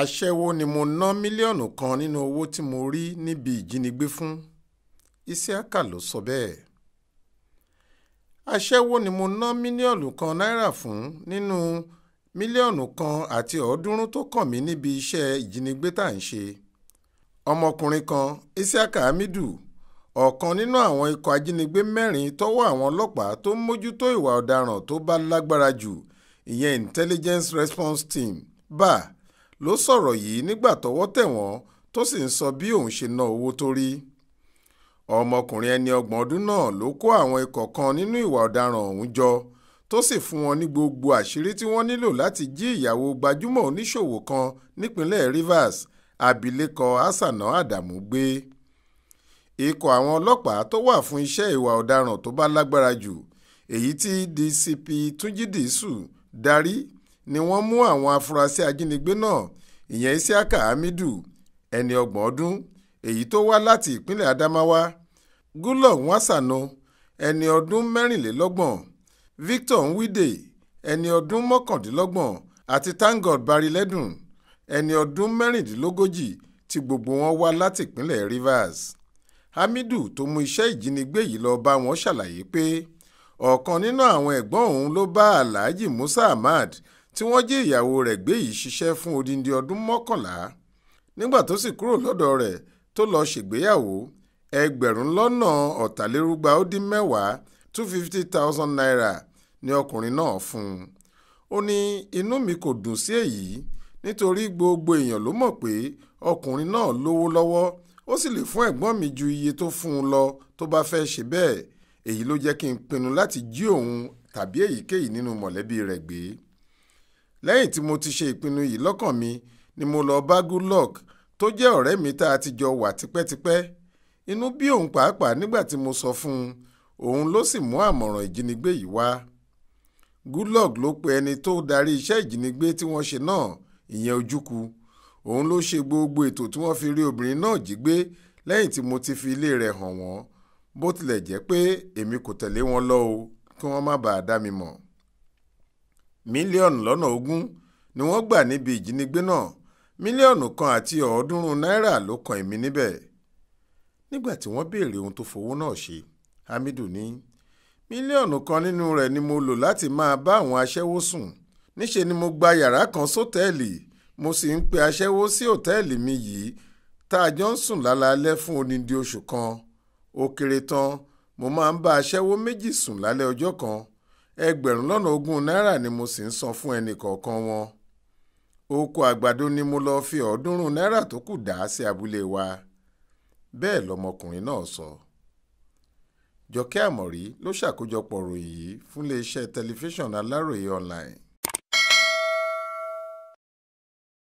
aṣẹ́wó ni mo ná mílíọ̀nù kan nínú owó tí mo rí níbi ìjínigbé fún isiaka ló sọ bẹ́ẹ̀ aṣẹ́wó ni mo ná mílíọ̀nù kan náírà fún nínú mílíọ̀nù kan àti ọ̀ọ́dúnrún tó kàn mí níbi iṣẹ́ ìjínigbé tá à ń ṣe ọmọkùnrin kan isiaka hamidu ọ̀kan nínú àwọn ikọ̀ ajínigbé mẹ́rin tọ́wọ́ àwọn ọlọ́pàá tó ń mójútó ìwà ọ̀daràn tó bá lágbára jù ìyẹn intelligence response team bá ló sọ̀rọ̀ yìí nígbà tọ́wọ́ tẹ̀ wọ́n tó sì ń sọ bí òun ṣe ná owó tó rí ọmọkùnrin ẹni ọgbọ̀n ọdún náà ló kó àwọn ikọ̀ kan nínú ìwà ọ̀daràn ọ̀hún jọ tó sì fún wọn ní gbogbo àṣírí tí wọ́n nílò láti jí ìyàwó gbajúmọ̀ oníṣòwò kan nípínlẹ̀ Rivers abilékọ Hassana Adamu gbé ikọ̀ àwọn ọlọ́pàá tó wà fún iṣẹ́ ìwà ọ̀daràn tó bá lágbára jù èyí tí DCP Túnjí Dìísù darí ni wọ́n mú àwọn afurasí ajínigbé náà ìyẹn isiaka hamidu ẹni ọgbọ̀n ọdún èyí tó wá láti ìpínlẹ̀ adamawa goodluck wansano ẹni ọdún mẹ́rìnlélọ́gbọ̀n victor nwide ẹni ọdún mọ́kàndínlọ́gbọ̀n àti tangod barilẹ́dùn ẹni ọdún mẹ́rìndínlógójì tí gbogbo wọn wá láti ìpínlẹ̀ rivers hamidu tó mú iṣẹ́ ìjínigbé yìí lọ bá wọn ṣàlàyé pé ọ̀kan nínú àwọn ẹ̀gbọ́n òun ló bá alhaji musa ahmad tí wọ́n jẹ́ ìyàwó rẹ̀ gbé yìí ṣiṣẹ́ fún odindi ọdún mọ́kànlá nígbà tó sì kúrò lọ́dọ̀ rẹ̀ tó lọ́ọ́ ṣègbéyàwó ẹgbẹ̀rún lọ́nà ọ̀tàlérúgba ó dín mẹ́wàá two fifty thousand naira ni ọkùnrin náà fún un ó ní inú mi kò dùn sí èyí nítorí gbogbo èèyàn ló mọ̀ pé ọkùnrin náà lówó lọ́wọ́ ó sì lè fún ẹ̀gbọ́n mi ju iye tó fún un lọ tó bá fẹ́ ṣe bẹ́ẹ̀ èyí ló jẹ́ kí n pinnu láti jí òun tàbí èyíkéyìí nínú mọ̀lẹ́bí rẹ̀ gbé lẹ́yìn tí mo ti ṣe ìpinnu yìí lọ́kàn mi ni mo lọ bá goodluck tó jẹ́ ọ̀rẹ́ mi tá a ti jọ wà tipẹ́tipẹ́ inú bí òun pàápàá nígbà tí mo sọ fún un òun ló sì mú àmọ̀ràn ìjínigbé yìí wá goodluck ló pe ẹni tó darí iṣẹ́ ìjínigbé tí wọ́n ṣe náà ìyẹn ojúku òun ló ṣe gbogbo ètò tí wọ́n fi rí obìnrin náà jí gbé lẹ́yìn tí mo ti fi ilé rẹ̀ hàn wọ́n bó tilẹ̀ jẹ́ pé èmi kò tẹ̀lé wọn lọ o kí wọ́n má bàa dá mi mọ̀ mílíọ̀nù lọ́nà ogún ni wọ́n gbà níbi ìjínigbé náà mílíọ̀nù kan àti ọ̀ọ́dúnrún náírà ló kan èmi níbẹ̀ nígbà tí wọ́n béèrè ohun tó fowó náà ṣe Hamidu ní mílíọ̀nù kan nínú rẹ̀ ni mo lò láti máa bá àwọn aṣẹ́wó sùn níṣe ni mo gba yàrá kan sọ́tẹ́ẹ̀lì mo sì ń pe aṣẹ́wó sí òtẹ́ẹ̀lì mi yìí tá a jọ ń sùn lálaalẹ́ fún odindi oṣù kan ó kéré tán mo máa ń bá aṣẹ́wó méjì sùn lálẹ́ ọjọ́ kan ẹgbẹ̀rún lọ́nà ogún náírà ni mo sì ń san fún ẹnì kọ̀ọ̀kan wọn oko àgbàdo ni mo lọ́ọ́ fi ọ̀ọ́dúnrún náírà tó kù dá sí abúlé wa bẹ́ẹ̀ lọmọkùnrin náà sọ jọkẹ́ àmọ̀rí ló ṣàkójọpọ̀ ròyìn yìí fún iléeṣẹ́ tẹlifíṣàn aláròye online